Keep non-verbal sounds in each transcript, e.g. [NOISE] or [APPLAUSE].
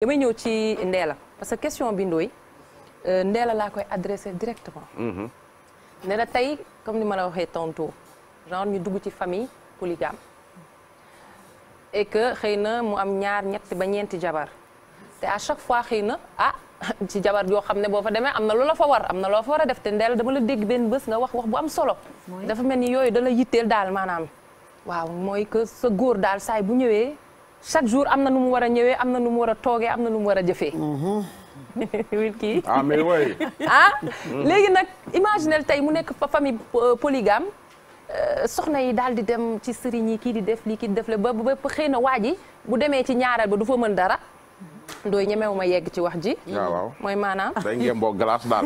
damay ñëw ci Ndéla parce que question bi Ndoye euh, Ndéla laa koy adressé directement. Mm-hmm. ne la tey comme ni ma la waxee tantôt genre ñu dugg ci famille polygame. et que xëy na mu am ñaar ñett ba ñeenti jabar te à chaque fois xëy na ah [LAUGHS] ci jabar yoo xam ne boo fa demee am na lu la fa war am na loo fa war a def te Ndéla dama la dégg benn bës nga wax wax bu am solo. dafa mel ni yooyu dala la yitteel daal maanaam. waaw mooy que sa góor daal saay bu ñëwee. chaque jour am na nu mu war a ñëwee am na nu mu war a toogee am na nu mu war a jëfee. Mhm. [LAUGHS] Wilky. ah mais oui. [LAUGHS] Ah, léegi nag imaginel tey mu nekk famille euh, polygame euh, soxna yi daal di dem ci sëriñ yi kii di def lii kii di def le ba ba xëy na waa ji bu demee ci ñaareel ba du fa mën dara. ndooy ñemewu ma yegg ci wax ji. Ah, mooy maanaam. day ngeen boo daal. [LAUGHS] ah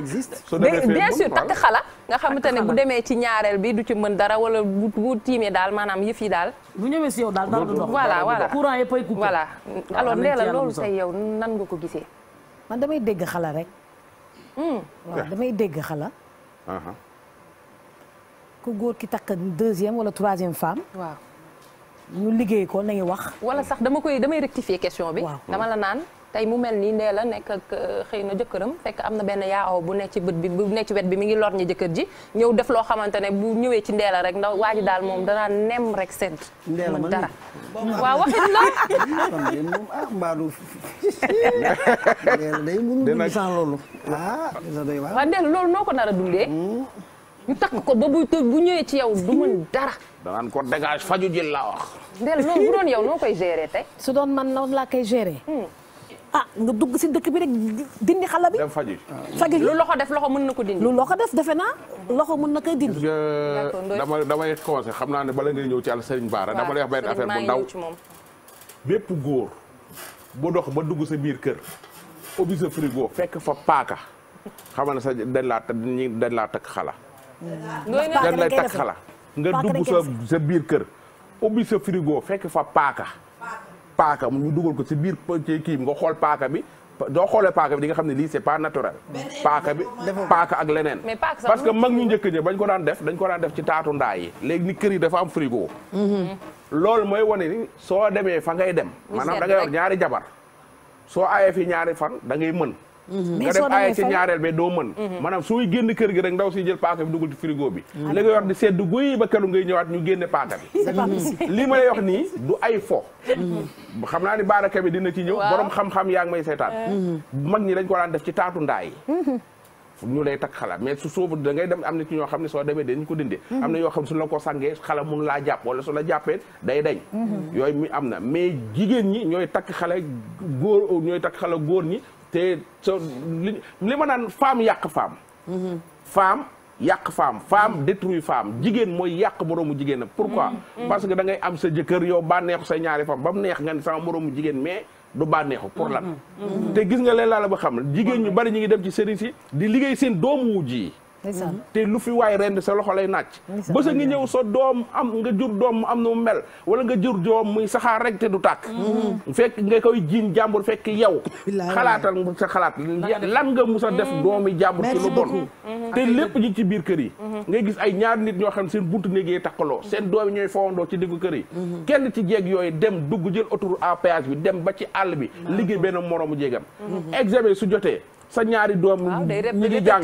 c'est bien sûr takk xala. nga xamante ne bu demee ci ñaareel bi du ci mën dara wala bu tiimee daal maanaam yëf daal. bu ñëwee si yow daal dara du dox. voilà voilà courant yëpp loolu say yow nan nga ko gisee. man damay dégg xala rek. Hmm. waaw damay dégg xala. Uh-huh. ku góor ki takk deuxième wala troisième femme. waaw. ñu liggéey ko nañu wax. wala sax dama koy damay rectifier question bi. dama la naan tey mu mel nii ndee la nekk ak euh, xëy na jëkkëram fekk am na benn yaa yaaw bu nekk ci bët bi bu ne ci wet bi mu ngi lor ñi jëkkër ji ñëw def loo xamante ne bu ñëwee ci ndee rek ndax waa ji daal moom danaa nem rek sedd. mën dara ah, waaw waxin la. [LAUGHS] Ah, loolu. noo ko nar dundee. Hmm. ñu takk ko ba bu ñëwee ci yow du mën dara. danaan ko dégage faju jël laa wax. ndel loolu bu doon yow noo koy gérer tey. su doon man noonu laa koy gérer. Hmm. ah nga dugg si dëkk bi rek dindi xala bi. dem faju faju lu loxo def loxo mën na ko dindi. lu loxo def defe naa loxo mën na koy dindi. dama damay commencé xam naa ne bala ngay ñëw ci àll Serigne Bara dama lay wax benn affaire bu ndaw bépp góor bu dox ba dugg sa biir kër ubbi sa frigo fekk fa paaka xamal ne sa dañ laa dañ laa takk xala. nga lay takk xala nga dugg sa sa biir kër ubbi sa frigo fekk fa paaka paaka mu ñu dugal ko si biir kii nga xool paaka bi doo xoolee paaka bi di nga xam ne lii c'est pas naturel eh, paaka bi paaka ak leneen parce que mag ñu njëkk ñi bañ ko daan def dañ ko daan def ci taatu ndaa yi léegi ni kër yi dafa am frigo mm-hmm. loolu mooy wone ni soo demee fa ngay dem maanaam da ngay yor ñaari jabar soo ayee fi ñaari fan da ngay mën Mm-hmm. nga dem aaye ci ñaareel bi doo mën mm-hmm. maanaam suy génn kër gi rek ndaw si jël paaka bi dugal ci frigo bi mm-hmm. li nga yor di sedd guy ba kelu ngay ñëwaat ñu lii ma lay nii du ay fo xam naa ni baaraka bi dina ci ñëw borom xam yaa ngi may seetaan mag ñi dañ ko daan def ci taatu ndaa yi ñu lay takk xala mais su soobu da ngay dem am na ci ñoo xam ne soo demee dañ ko dindi am na yoo xam ne ko sàngee xala mun laa jàpp wala la jàppee day dañ yooyu mi am na mais jigéen ñi ñooy takk xale góor ñooy takk xala góor ñi te so li ma naan femme yàq femme. Mhm. femme yàq femme femme détruit femme jigéen mooy yàq moroomu jigéen nag. pourquoi mhm. Mhm. parce que dangay am sa jëkkër yow bànneexu sa ñaari femme ba mu neex nga ne sama moroomu jigéen mais. du bànneexu pour lan. te gis nga leen laala la ba xam jigéen ñu bari ñu ngi dem ci sëriñ si di liggéey seen doomu wujj yi. Mhm. te lu fi waay rend sa loxo lay naaj ba sa ngi ñëw soo doom am nga jur doom am nu mel wala nga jur doom muy saxaar rek te du tàkk mhm. fekk nga koy jiin jàmbur fekk yow xalaatal sa xalaat lan nga musa a def mhm. doomi jàmbur ci lu bon te lépp ji ci biir kër yi nga gis ay ñaar nit ñoo xam seen buntu néeg yi takkaloo seen doomi ñooy fowandoo ci diggu kër yi kenn ci jeeg yooyu dem dugg jël autour à péage bi dem ba ci àll bi liggéey benn moroomu jéega sa ñaari doom ñi ngi jàng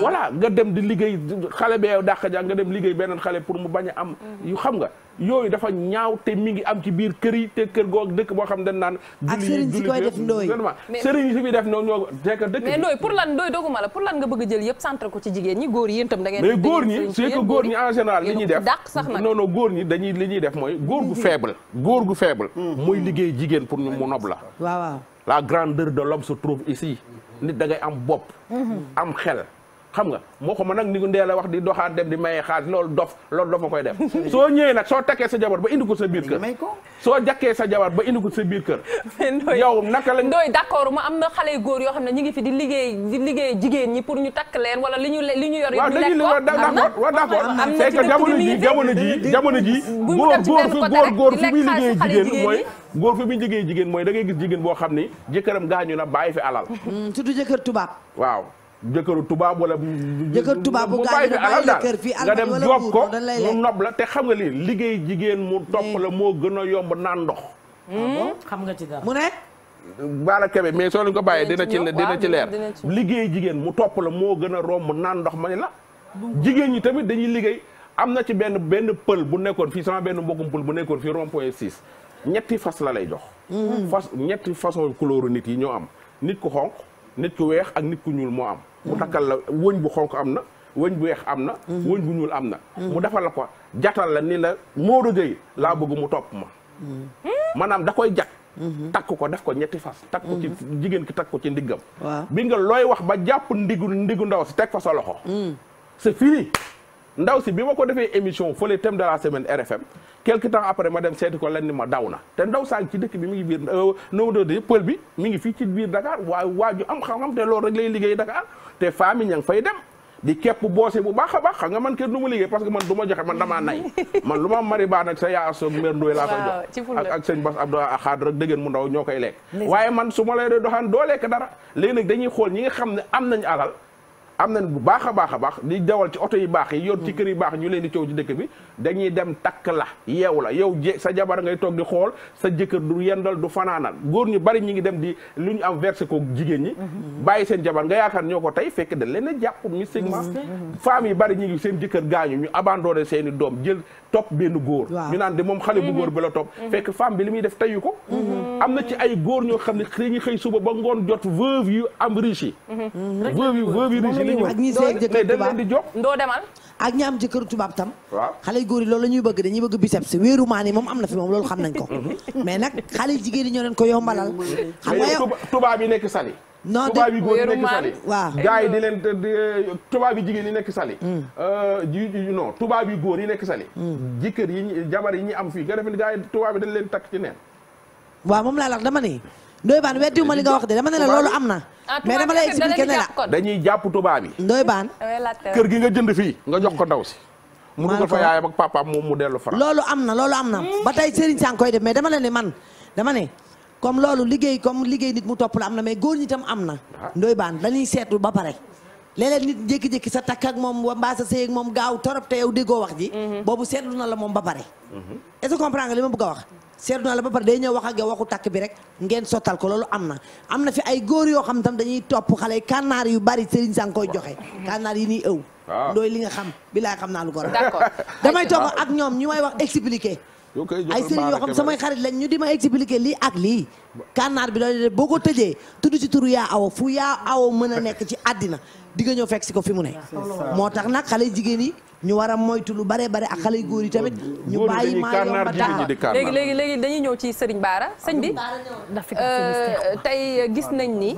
voilà nga dem di liggéey xale bee dàq jàng dem liggéey beneen xale pour mu bañ am mm-hmm. xam nga yooyu dafa ñaaw mi ngi am ci biir kër yi te kër goog dëkk boo xam dañ naan julli julli vraiment sëriñ si def noonu ñoo jekk dëkk mais pour lan ndooy doguma bëgg jël yëpp centre ko ci jigéen ñi góor yi itam da ngeen mais góor ñi en général li ñuy def sax nag non non góor ñi dañuy li ñuy def mooy góor gu mm-hmm. faible góor gu faible mm-hmm. mooy liggéey jigéen pour ñu mu nob la la grandeur de l'homme se trouve ici nit da am bopp am xel xam nga moo ko ma nag ni ko ndee la wax di doxaan dem di maye xaalis loolu dof loolu dof a koy def [LAUGHS] soo ñëwee nag soo takkee sa jabar ba indi sa biir kër soo jakkee sa jabar ba indi ko sa biir kër [LAUGHS] yow naka la ndooy d'accord ma am na xale góor yoo xam ne ñu ngi fi di liggéey di liggéey jigéen ñi pour ñu takk leen wala li ñu li ñu yor waaw dañu li d'accord waaw d'accord c'est que jamono ji jamono ji jamono ji góor góor góor fi muy liggéey jigéen mooy góor fa bi ñu liggéey jigéen mooy dangay gis jigéen boo xam ni jëkkëram gaañu na bàyyi fi alal mm, surtout jëkkër tubaab waaw jëkkëru tubaab wala jëkkër tubaab bu bàyyi fi alal daal nga dem joob ko mu nob la te xam nga lii liggéey jigéen mu mm. topp la moo gën a yomb naan ndox ah mm. nga ci dara mu ne baala kebe mais soo lañ ko bàyyee dina ci dina ci leer liggéey jigéen mu topp la moo gën romb naan ndox ma ne la jigéen ñi tamit dañuy liggéey am na ci benn benn pël bu nekkoon fii sama benn mbokkum pël bu nekkoon fii rond point 6 ñetti fas la lay jox. Mm-hmm. fas ñetti façon couleur nit yi ñoo am nit ku xonq nit ku weex ak nit ku ñuul moo am. Mm-hmm. mu takkal la wëñ bu xonq am na wëñ bu weex am na. Mm-hmm. wëñ bu ñuul am na. mu defal la ko jatal la ni la Modou Gueye laa bëgg mu topp ma. maanaam da koy jat takk ko def ko ñetti fas. takk ko ci jigéen ki takk ko ci ndiggam. bi nga looy wax ba jàpp ndigu ndigu ndaw si teg fa sa loxo. Mm. ndaw si bi ma ko defee émission fële thème de la semaine RFM quelque temps après ma dem seeti ko lenn ni ma daw na te ndaw saa ngi ci dëkk bi mu ngi biir euh, fii ci biir Dakar waaye waa am xam-xam te loolu rek lay liggéey Dakar te famille ña ngi fay dem di képp boose bu baax a baax xam nga man keen du ma liggéey parce que man du ma joxe man damaa nay [LAUGHS] man lu ma mari baa nag sa yaa soog mer ndooy laa koy jox ak ak sëñ Bass Abdou Xaad rek dëggeen mu ndaw ñoo koy lekk waaye man su ma lay doxaan doo lekk léegi nag dañuy xool ñi nga xam ne am nañ alal am nañ bu baax a baax a baax di dawal ci oto yu baax yi yor ci mm. kër yu baax ñu leen di coow ci dëkk bi dañuy dem takk la yeew la yow je sa jabar ngay toog di xool sa jëkkër du yendal du fanaanal góor ñu bari ñu ngi dem di lu ñu am versé ko jigéen ñi mm-hmm. bàyyi seen jabar nga yaakaar ñoo ko tey fekk dañ leen jàpp jàpp mystiquement mm-hmm. Mm-hmm. femmes yi bari ñi ngi seen jëkkër gaañu ñu abandonné seen doom jël topp benn góor ñu naan de moom xale bu góor bi la topp fekk femme bi li muy def teyu ko am na ay góor ñoo xam ne xëy suba ba ngoon jot veuve yu am riche yi ñu ak ñi seeg jëkkër tubaab di jox ndoo demal ak ñi am jëkkër tubaab tam waaw xale yu góor yi loolu la ñuy bëgg dañuy bëgg biceps moom am na fi moom loolu xam nañ ko [LAUGHS] mhm. mais nag xale jigéen yi ñoo leen ko yombalal [LAUGHS] xam nga yi nekk sali yi góor yi nekk sali waaw gars yi di leen tubaab yi jigéen mm. euh, yi nekk mm. ñi am fii nga defe ni tubaab yi dañ leen takk ci neen waaw moom laa la dama ne Ndoye Bane weddiwuma li wax de dama ne loolu am Ah, mais dama lay expliquer ne la dañuy jàpp tubaab yi. ndoy baan kër gi nga jënd fii nga jox ko ndaw si. mu dugal fa yaayam ak papaam moom mu dellu fara loolu am na loolu am na ba tey Serigne Sang koy def mais dama la ne man dama ne comme loolu liggéey comme liggéey nit mu topp la am na mais góor ñi tam am na. Ah. ndoy baan dañuy seetlu ba pare. léeg-léeg nit jékki-jékki sa takk moom mbaa sa sëy ak moom gaaw torop te yow déggoo wax ji. Mhm. boobu seetlu na la moom ba pare. Mhm. est-ce que wax. seet naa la ba pare day ñëw wax ak yow waxu takk bi rek ngeen sottal ko loolu am na am na fi ay góor yoo xam tam dañuy topp xale yi kànnaar yu bari sëriñ sang joxe kànnaar yi ñuy ëw ndooy li nga xam bi laay xam naa lu ko ra d'accord [LAUGHS] damay toog ak ñoom ñu may wax expliquer ay sëriñ yoo xam samay xarit lañ ñu di ma expliquer lii ak lii kànnaar bi loolu def boo ko tëjee tudd ci turu yaa awa fu yaa awoo mën a nekk ci àddina di nga ñëw fekk si ko fi mu ne moo tax nag xale jigéen yi ñu war a moytu lu bare bare a xale yu góor yi tamit. ñu bàyyi maa yomba dara léegi léegi léegi dañuy ñëw ci sëriñ baara sëñ bi euh, tey euh, gis nañ ni.